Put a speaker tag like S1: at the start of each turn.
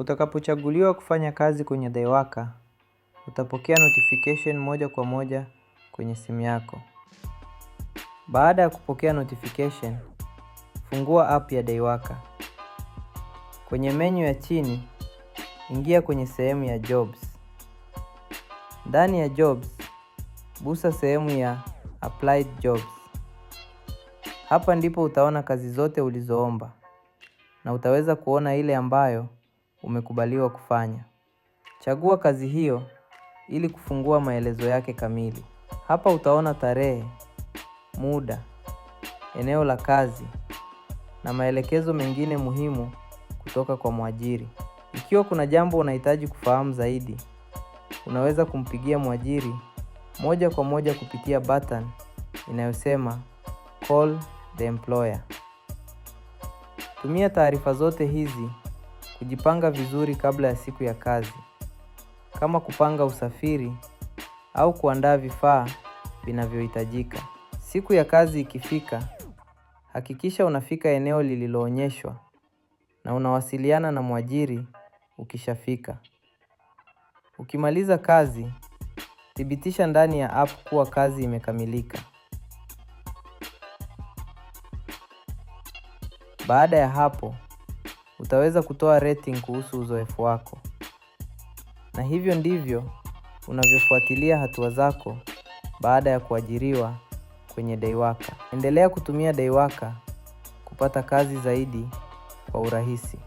S1: Utakapochaguliwa kufanya kazi kwenye Daiwaka, utapokea notification moja kwa moja kwenye simu yako. Baada ya kupokea notification, fungua app ya Daiwaka. Kwenye menyu ya chini, ingia kwenye sehemu ya jobs. Ndani ya jobs, gusa sehemu ya applied jobs. Hapa ndipo utaona kazi zote ulizoomba na utaweza kuona ile ambayo umekubaliwa kufanya. Chagua kazi hiyo ili kufungua maelezo yake kamili. Hapa utaona tarehe, muda, eneo la kazi na maelekezo mengine muhimu kutoka kwa mwajiri. Ikiwa kuna jambo unahitaji kufahamu zaidi, unaweza kumpigia mwajiri moja kwa moja kupitia button inayosema Call the employer. Tumia taarifa zote hizi Kujipanga vizuri kabla ya siku ya kazi, kama kupanga usafiri au kuandaa vifaa vinavyohitajika. Siku ya kazi ikifika, hakikisha unafika eneo lililoonyeshwa na unawasiliana na mwajiri ukishafika. Ukimaliza kazi, thibitisha ndani ya app kuwa kazi imekamilika. Baada ya hapo, utaweza kutoa rating kuhusu uzoefu wako. Na hivyo ndivyo unavyofuatilia hatua zako baada ya kuajiriwa kwenye Daiwaka. Endelea kutumia Daiwaka kupata kazi zaidi kwa urahisi.